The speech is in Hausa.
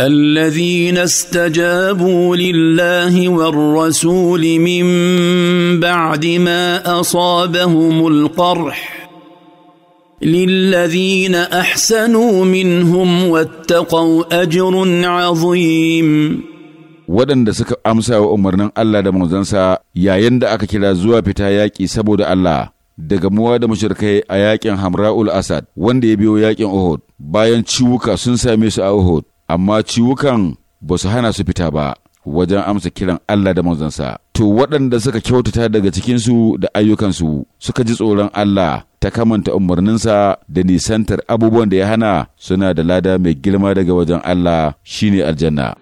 الذين استجابوا لله والرسول من بعد ما اصابهم القرح للذين احسنوا منهم واتقوا اجر عظيم waɗanda suka amsa wa umarnin Allah da manzansa yayin da aka kira zuwa fita yaƙi saboda Allah daga muwa da mashirkai a yaƙin Hamra'ul Asad wanda ya biyo yaƙin Uhud bayan ciwuka sun same su a Uhud amma ciwukan ba su hana su fita ba wajen amsa kiran Allah da manzansa. To waɗanda suka kyautata daga cikinsu da ayyukansu suka ji tsoron Allah ta kamanta umarninsa da nisantar abubuwan da ya hana suna da lada mai girma daga wajen Allah shine aljanna.